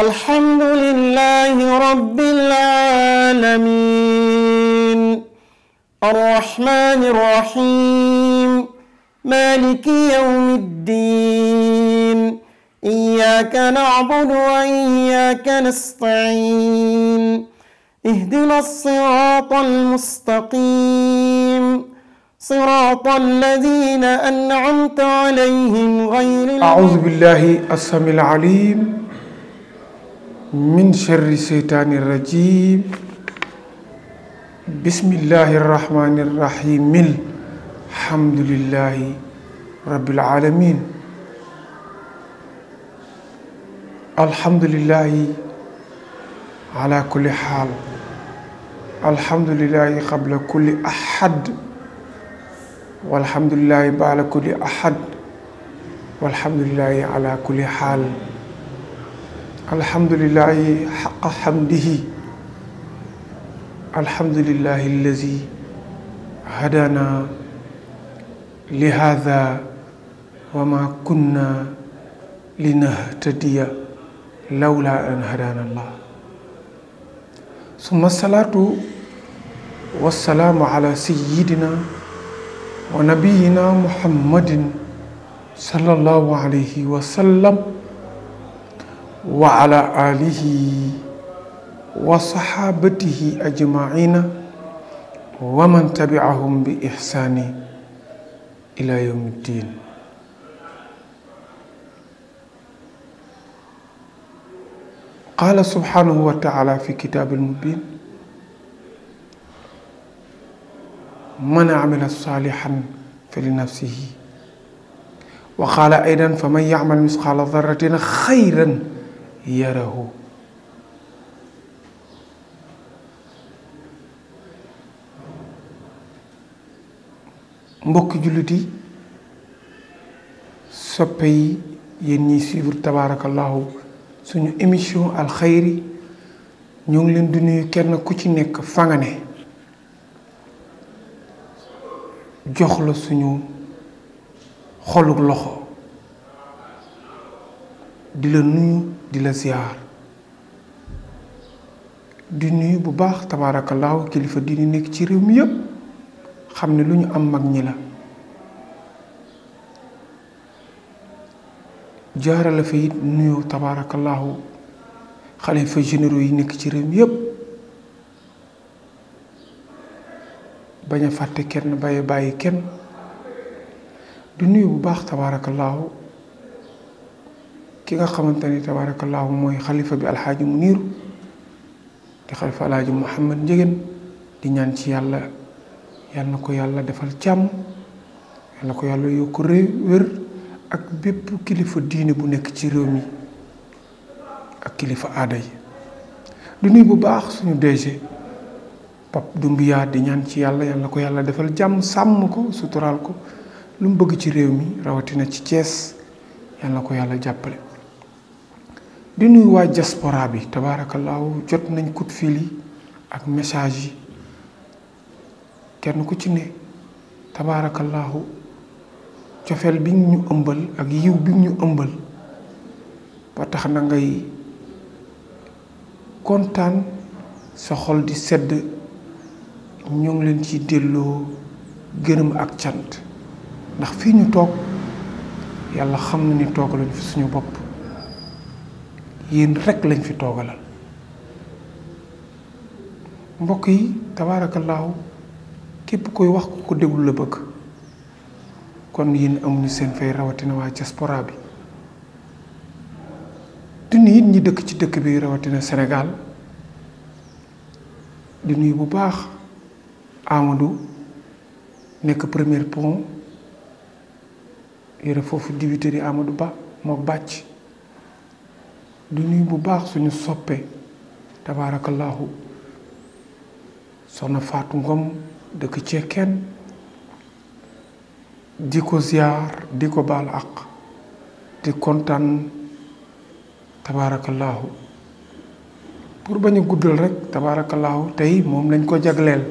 الحمد لله رب العالمين الرحمن الرحيم مالك يوم الدين إياك نعبد وإياك نستعين اهدنا الصراط المستقيم صراط الذين أنعمت عليهم غير أعوذ بالله السميع العليم من شر الشيطان الرجيم بسم الله الرحمن الرحيم الحمد لله رب العالمين الحمد لله على كل حال الحمد لله قبل كل أحد والحمد لله بعد كل أحد والحمد لله على كل حال الحمد لله حق حمده الحمد لله الذي هدانا لهذا وما كنا لنهتدي لولا أن هدانا الله ثم الصلاة والسلام على سيدنا ونبينا محمد صلى الله عليه وسلم وعلى آله وصحابته أجمعين ومن تبعهم بإحسان إلى يوم الدين قال سبحانه وتعالى في كتاب المبين من عمل صالحا فلنفسه وقال أيضا فمن يعمل مثقال ذرة خيرا yarahu mbokki jullit yi soppe yi yéen ñiy suivre tabaarakallahu suñu émission alxayri ñoo ngi leen di nuyu kenn ku ci nekk fa nga jox la suñu xoluk loxo di la nuyu di la ziar di nuyu bu baax tabarakallah kilifa di nek ci rew mi yeb xamne luñu am mag ñi la jaarale fa it nuyu tabarakallah khalifa généraux yi nek ci rew mi yeb baña fatte kenn baye baye kenn di nuyu bu baax tabarakallah ki nga xamanteni tabarakallah moy khalifa bi alhaji munir niiru di xalifa muhammad jigen di ñaan ci yalla yalla ko yalla defal jam, yalla ko yàlla yokk réew wér ak bepp kilifa diine bu nek ci rew mi ak kilifa aada yi du nuy bu baax suñu DG Pape Doumbia di ñaan ci yalla yalla ko yalla defal jam sam ko sutural ko lu mu bëgg ci réew mi rawatina ci Thiès yalla ko yalla jàppale di nuyu waa diaspora bi tabaarakallaahu jot nañ coup fili ak message yi kenn ku ci ne tabaarakallaahu cofeel bi ñu ëmbal ak yiw bi ñu ëmbal ba tax na ngay kontaan sa xol di sedd ñu ngi leen ci delloo gërëm ak cant ndax fii ñu toog yàlla xam na ni toog lañu fi suñu bopp yéen rekk lañ fi toogalal mbokk yi tabaarakallaahu képp koy wax ku ko déglu la bëgg kon yéen amuñu seen fay rawatina waa diaspora bi di nuyu it ñi dëkk ci dëkk bi rawatina Sénégal di nuyu bu baax amadu nekk première pont yére foofu diwiteri Amadou Ba moo bàcc du nuyu bu baax suñu soppe tabaarakallaahu soxna fatou Ngom dëkk cekkeen di ko ziar di ko baal di kontaan tabaarakallaahu pour bañu guddal rek tabaarakallaahu tey moom lañ ko jagleel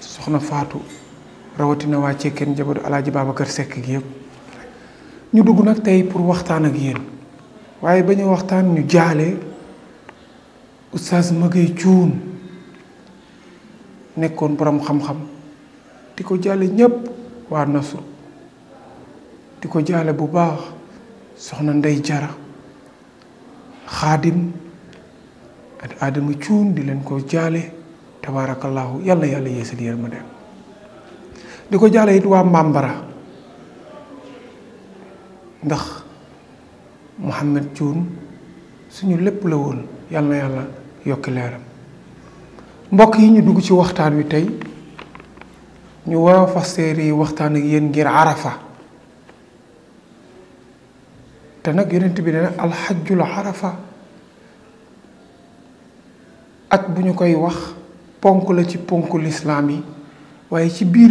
soxna Faatu rawatina waa cekkeen jabaru alaaji Babacar Seck gi yëpp ñu dugg nag tey pour waxtaan ak yéen waaye ba ñu waxtaan ñu jaale oustaz magay cuun nekkoon borom xam-xam di ko jaale ñépp waa nasru di bu baax soxna ndey jara xaadim ak aadama cuun di leen ko jaale tabarakallahu yàlla yàlla yeesal ma dem di ko it waa mambara ndax Muhammad Jun, suñu lepp la won yalla, yalla yok leeram mbokk yi ñu dugg ci waxtaan wi tey ñu wara a fas waxtaan ak yeen ngir arafa te nag yonent bi nee alxajjul arafa at bu ñu koy wax ponk la ci ponku lislaam yi waaye ci biir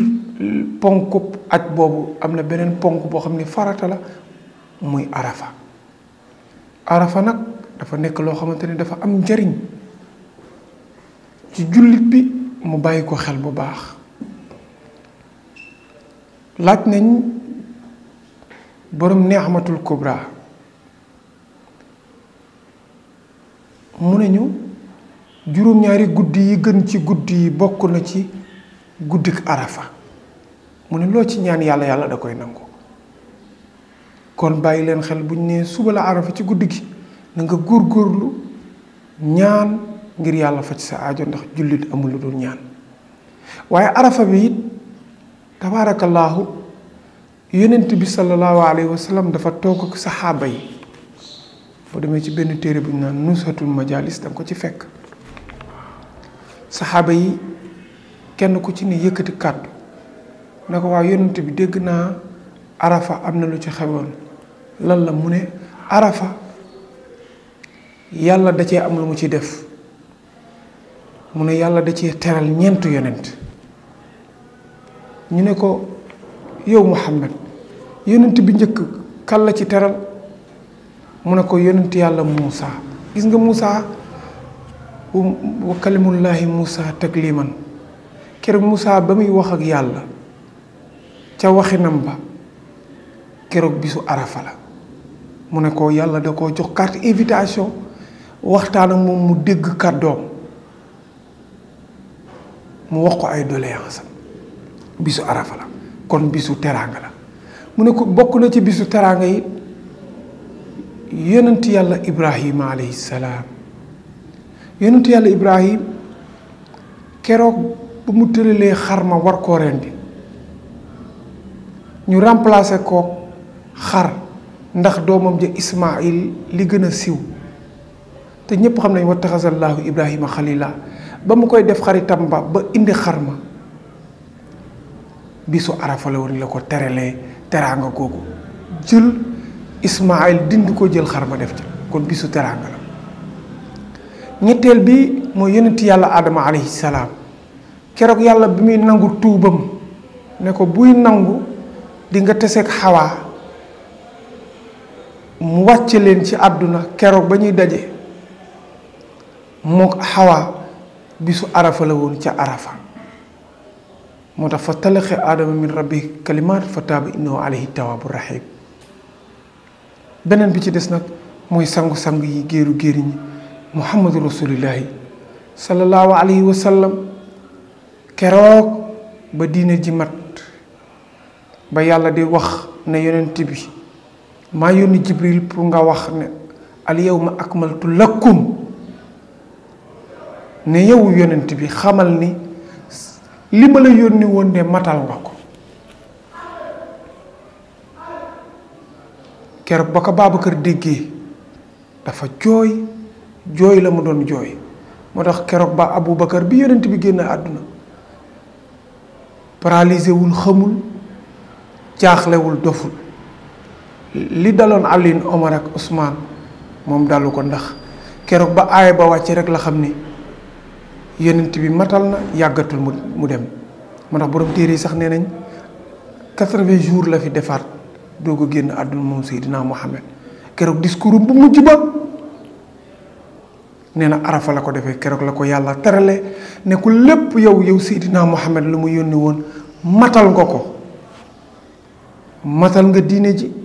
ponku at boobu am na beneen ponk boo xam ne farata la muy arafa arafa nag dafa nekk loo xamante ni dafa am njariñ ci jullit bi mu bàyyi ko xel bu baax laaj nañ boroom neexamatul kubra mu ne ñu juróom-ñaari guddi yi gën ci guddi yi bokk na ci guddik arafa mu ne loo ci ñaan yàlla yàlla da koy nangu kon bayi len xel buñ ne suba la arafa ci guddi gi na nga gorlu ñaan ngir fa ci sa aajo ndax julit amul lu dul ñaan waye arafa bi tabarakallah tabaarakallaahu bi sallallahu alaihi wasallam dafa tok ak sahaba yi bo demé ci benn téré buñ nan nusatul majalis dang ko ci fekk sahaba yi kenn ku ci ni yëkëti kaddu na wa waa bi degg na arafa amna lu ci lan la mu ne arafa yàlla da cee am lu mu ci def mu ne yàlla da cee teral ñeent yonent ñu ne ko yow Muhammad yonent bi njëkk kan la ci teral mu ne ko yonent yàlla Muusa gis nga Muusa wa kalimullaahi Muusa takliman keroog Muusa ba muy wax ak yàlla ca waxinam ba keroog bisu arafa la mu ne ko yàlla da koo jox carte invitation waxtaan ak moom mu dégg kàddoom mu wax ko ay doléance bisu arafa la kon bisu teraanga la mu ne ko bokk na ci bisu teraanga yi yonent yàlla ibrahima alayhi salaam yonent yàlla ibrahim keroog bu mu tëralee xarma war koo rendi ñu remplacer ko xar ndax doomam ja ismail li gën a siw te ñëpp xam nañ wattaxasallahu ibrahima xalila ba mu koy def xaritam ba ba indi xarma bisu arafa la woon la ko terelee teraanga jël ismail dindi ko jël xarma def ci kon bisu teranga la ñetteel bi mooy yonent yàlla adama alayhi salaam keroog yàlla bi muy nangu tuubam ne ko buy nangu di nga teseeg xawaa mu wàcc leen ci aduna keroog ba ñuy daje mook hawa bisu arafa la woon ci arafa moo fa talakha aadama min rabbi kalimat fa taaba innahu alayhi tawabur rahim benen bi ci dess nak moy sangu-sang yi géeru géeri muhammadur rasulullah rasulillahi sallallahu alayhi wa sallam keroog ba diine ji mat ba yalla di wax ne yonentibi maa yónni jibril pour nga wax ne ma ak akmaltu lakum ne yow yonent bi xamal ni li ma la yónni woon de matal nga ko keroog ba ko Babacar déggee dafa jooy jooy la mu doon jooy moo tax keroog ba Aboubacar bi yonent bi génn àdduna paralysé wul xamul jaaxlewul doful li daloon Alioune Omar ak Ousmane moom dalu ko ndax keroog ba aaya ba wàcc rek la xam ni yonent bi matal na yàggatul mu mu dem moo tax borom téere yi sax nee nañ quatre-vingts jour la fi defaat doo ko génn àdduna moom Seydina Mohamed keroog discours bu mujj ba nee na arafa la ko defee keroog la ko yàlla terale ne ku lépp yow yow Seydina Mohamed lu mu yónni woon matal nga ko matal nga diine ji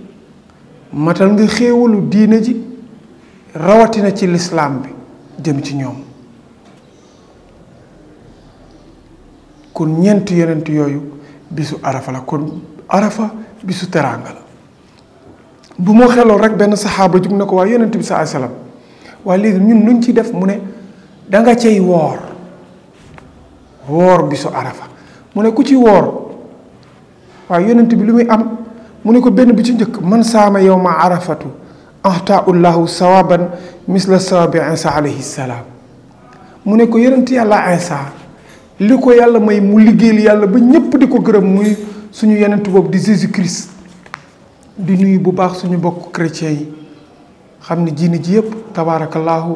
matal nga xéewalu diine ji rawatina ci lislaam bi jëm ci ñoom kon ñeent yonent yooyu bisu arafa la kon arafa bisu teraanga la bu moo xeloo rek benn saxaaba jug na ko waaye yonent bi saa salaam waaye léegi ñun luñ ci def mu ne danga cay woor woor bisu arafa mu ne ku ci woor waaye yonent bi lu muy am mu ne ko bi ci njëkk man saama yawma ma arafatu ahtaullahu sawaban misla sawabi isa alayhi salam. mu ne ko yonent yàlla insa li ko may mu liggeel yalla ba di ko muy suñu yonent bob di jesus christ di nuyu bu baax suñu bokk chrétien yi xamni ne ji yépp tabarakallah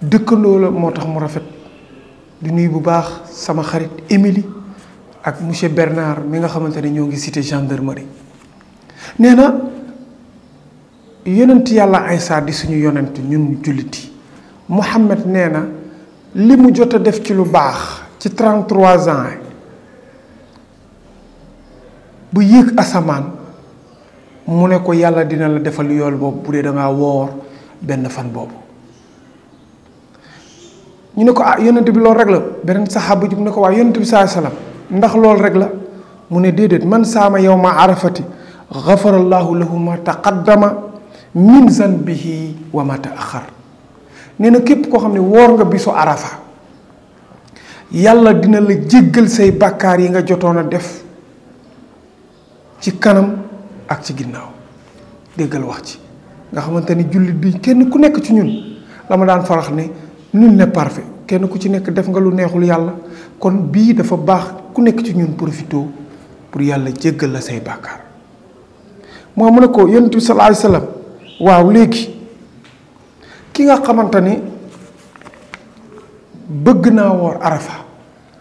dekk motax mu rafet di nuyu bu baax sama xarit Emily, ak monsieur bernard mi nga xamanteni ñoo ngi cité gendarmerie nee na yonent yàlla Isaa di suñu yonent ñun julliti Muhammad nee na li mu jot a def ci lu baax ci 33 ans bu yéeg asamaan mu ne ko yàlla dina la defal yool boobu bu dee dangaa woor benn fan boobu ñu ne ko ah yonent bi loolu rek la beneen saxaaba jug ne ko waa yonent bi saa salaam ndax loolu rek la mu ne déedéet man saama yow ma arafati غفر lahu ma taqaddama min zanbihi wa ma ta'akhkhar neena kep ko xamni wor nga biso arafa yalla dina la jegal say bakar yi nga jotona def ci kanam ak ci ginnaw déggal wax ci nga xamanteni julit bi kenn ku nek ci ñun lama daan farax ne ñun ne parfait kenn ku ci nek def nga lu neexul yalla kon bi dafa bax ku nek ci ñun profito pour yalla jegal la say bakar moom mu ne ko yonent bi sallallahu alayhi wa sallam waaw léegi ki nga xamante ni bëgg naa woor arafa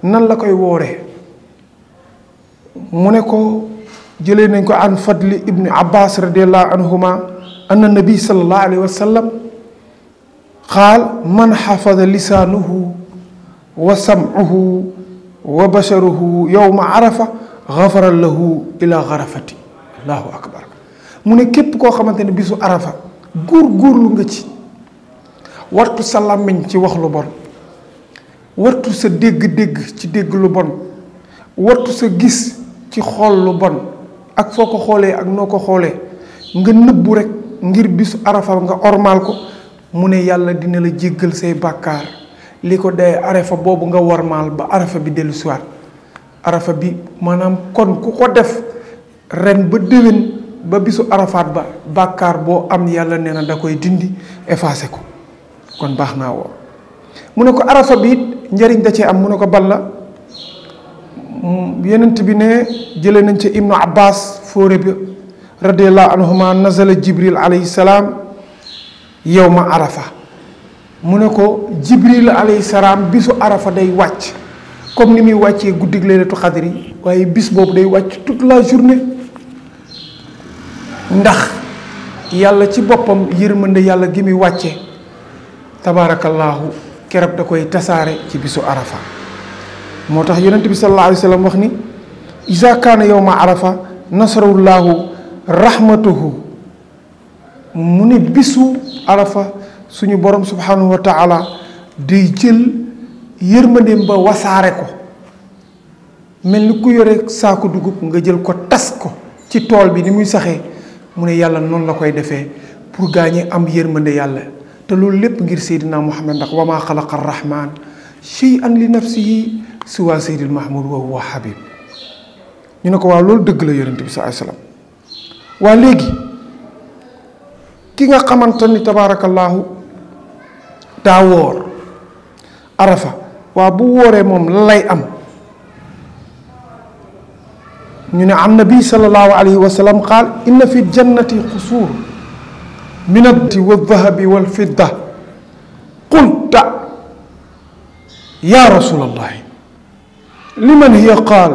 nan la koy wooree mu ne ko jëlee nañ ko an fadli ibnu abbas radiallahu anhuma anna nabi salallahu alayhi wa sallam qaal man xafada lisaanuhu wa samcuhu wa basharuhu yowma arafa gafara lahu ila garafati allahu akbar mu ne képp koo bisu arafa gur lu nga ci wartu sa làmmiñ ci wax lu bon wartu sa dégg-dégg ci dégg lu bon wartu sa gis ci xol lu bon ak foo ko xoolee ak noo ko nga nëbbu rek ngir bisu arafa nga ormal ko mu ne yàlla dina la jéggal say bàkkaar li ko dee arafa boobu nga warmaal ba arafa bi arafa bi maanaam kon ku ko def ren ba déwén ba bisu arafaat ba bàkkaar boo am yàlla nee na da koy dindi effacé ko kon baax naa woor mu ne ko arafa bi it njëriñ da cee am mu ne ko balla mm, yenent bi ne jëlee nañ ci ibnu abbas fóore bi radiallahu anhuma nazala jibril alayhi salaam yow ma arafa mu ne ko jibril alayhi salaam bisu arafa day wàcc comme ni muy wàccee guddig leelatu xadri waaye bis boobu day wàcc toute la journée ndax yàlla ci boppam yërmande yàlla gi muy wàcce tabaarakallaahu keroog da koy tasaare ci bisu arafa moo tax yonent bi sallallahu alayhi wa sallam wax ni isa kaana yowma arafa nasarullahu rahmatuhu mu ne bisu arafa suñu borom subhanahu wa taala day jël yërmandeem ba wasaare ko mel ni ku yore saako dugub nga jël ko tas ko ci tool bi ni muy saxee mu ne yàlla noonu la koy defee pour gaa ñi am yërmande yàlla te loolu lépp ngir Seydina Muhammad ndax wa maa xalaqa rahmaan shay'an li nafsihi siwaa Seydil Mahmoud wa huwa Habib ñu ne ko waaw loolu dëgg la yonent bi saa salaam waa léegi ki nga xamante ni tabaarakallaahu daa woor arafa waa bu wooree moom lay am. ñune ne an nabi sallallahu alayhi wa sallam qaal inna fi jannati qusur min wa dhahabi wal fidda qulta ya rasul allah liman hiya qaal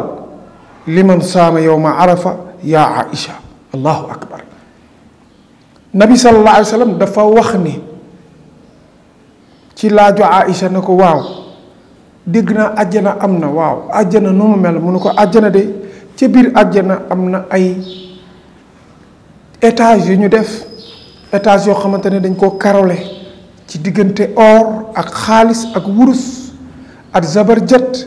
liman sama yawma arafa ya aisha allahu akbar nabi sallallahu alayhi wa sallam dafa wax ni ci laaju aisha nako waw degna aljana amna waw aljana numu mel munuko aljana de ci biir àjjana am na ay étage yu ñu def étage yoo xamante dañ koo karole ci diggante or ak xaalis ak wurus ak zabarjat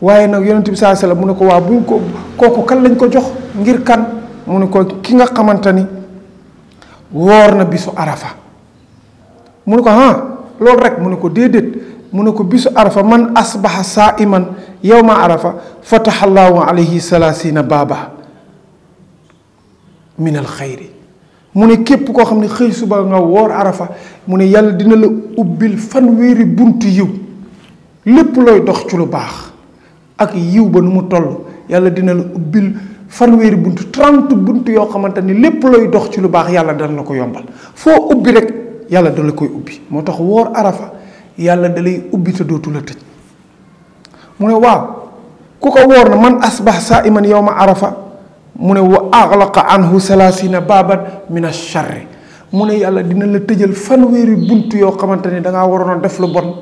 waaye nag yonent bi saa sallam mu ne ko waa buñ ko kooku kan lañ ko jox ngir kan mu ne ko ki nga xamante ni na bisu arafa mu ne ko ah loolu rek mu ne ko déedéet mu ne ko bisu arafa man asbaha saa iman يوم عرفة فتح الله عليه سلاسين بابا من الخير موني كيب كو خامني خير سوبا nga wor arafa موني يال دينا لا اوبيل فان ويري بونت يو لب لوي دوخ تشلو باخ اك يو با نمو تول يال دينا لا اوبيل فان ويري بونت 30 بونت يو خامتاني لب لوي دوخ تشلو باخ يال دان لاكو يومبال فو اوبي رك يال دان لاكو اوبي موتاخ وور arafa يال دالاي اوبي تدوتو لا تاج mune wa ku ko na man asbah sa'iman yawma arafa mune wa aghlaqa anhu salasina baban min ash-sharr mune yalla dina la tejeul fan yau buntu yo xamanteni da nga warono def lu bon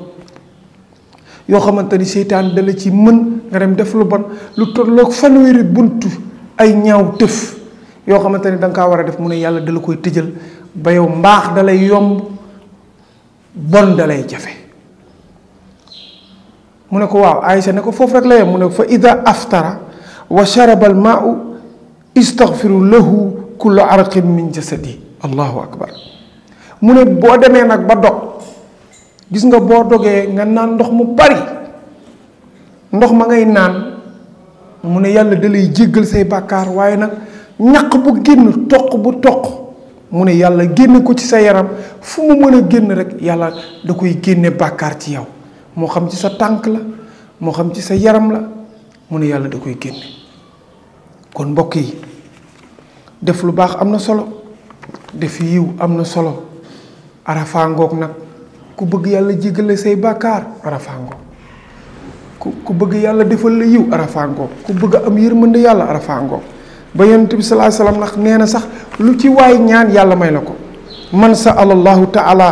yo xamanteni ni da la ci mën nga dem def lu bon lu fan fanweeri buntu ay ñaaw tëf yo xamanteni da nga wara def mune yalla da dala koy tejeul ba yow da lay yomb bon lay jafé mu ko waw aisha ne ko foofu rek lay yem fa idha aftara wa sharaba al mau istaghfiru lahu kullu arqin min jasadi allahu akbar mu bo boo nak ba dog gis nga bo dogee nga nan ndox mu bari ndox ma ngay nan mu yalla dalay da jéggal say bakar waaye nak ñak bu genn tok bu tok mu yalla genn ko ci sa yaram fu mu mën genn rek yalla da koy genné bakar ci yow mo xam ci sa tank la mo xam ci sa yaram la mu ne yalla da koy génne kon mbokk yi def lu baax amna solo def yiw amna solo arafa ngok nak ku bëgg yalla jégale say bakar arafa ngok ku ku bëgg yalla defal la yiw arafa ngok ku bëgg am yërmande yalla arafa ngok ba bi sax lu ci way ñaan yalla may la ko man sa allah taala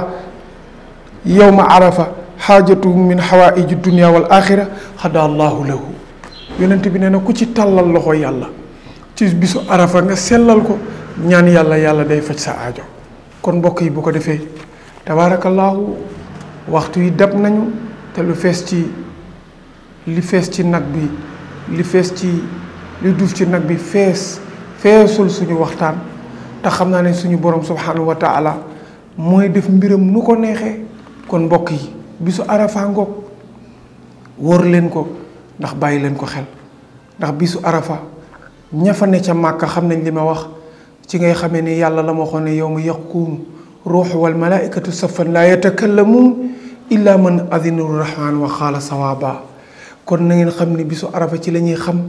Yawma arafa xaajatuhum min xawaaiji dunia wal axira xadaa llaahu lahu yonent bi nee na ku ci tàllal loxo yàlla ci bisu arafa nga sellal ko ñaan yàlla yàlla day faj sa ajo kon mbokk yi bu ko defee tabaarakallaahu waxtu yi dab nañu te lu fees ci li fees ci nag bi li fees ci li duuf ci nag bi fees feesul suñu waxtaan te xam naa ne suñu borom subhanahu wa taala mooy def mbiram nu ko neexee kon mbokk yi bisu arafa ngok wor len ko ndax bayi len ko xel ndax bisu arafa ña fa ne ca màkka xam nañ li ma wax ci ngay xamé ni yàlla la ma ne yow ma yaquumu wal malaikatu safan la yatakallamu illa man adhina arrahman wa khala sawaba kon na ngeen xam bisu arafa ci lañuy xam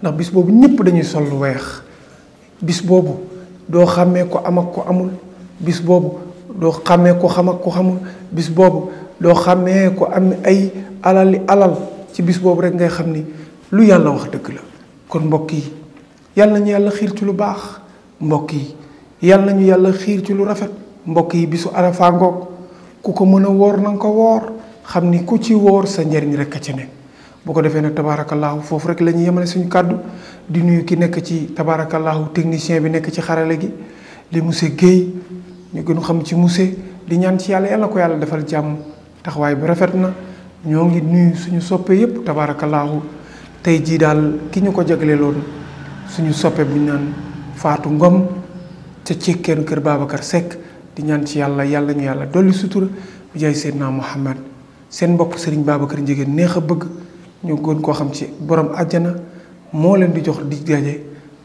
ndax bis bobu ñëpp dañuy sol lu wex bis bobu do xamé ko am ak ko amul bis bobu do xamé ko xam ak ko xamul bis bobu do xamé ko am ay alali alal ci bis bobu rek ngay xamni lu yalla wax deug la kon mbokk yi yalla ñu yalla xir ci lu baax mbokk yi yalla ñu yalla xir ci lu rafet mbokk yi bisu arafa ngok ku ko mëna wor nang ko wor xamni ku ci wor sa njariñ rek a ci ne bu ko defé nag tabarakallah fofu rek lañu yemalé suñu kaddu di nuyu ki nekk ci tabarakallah technicien bi nekk ci xaralé gi li musse geey ñu gënu xam ci musse di ñaan ci yalla yalla ko yalla defal jamm taxaway bi rafetna ñoo ngi nuyu suñu soppe yépp tabarakallah tay ji daal ki ñu ko jagleeloon suñu soppe bu ñaan faatu ngom ca cekkeen kër babakar sek di ñaan ci yalla yalla ñu yalla doli sutura bu jey muhammad seen bokk sëriñ babakar njigéen neexa bëgg ñu gën ko xam ci borom aljana mo leen di jox di dajé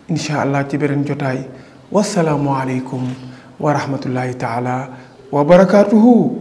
inshallah allah ci beneen jotaay alaykum wa rahmatullahi taala wa barakatuhu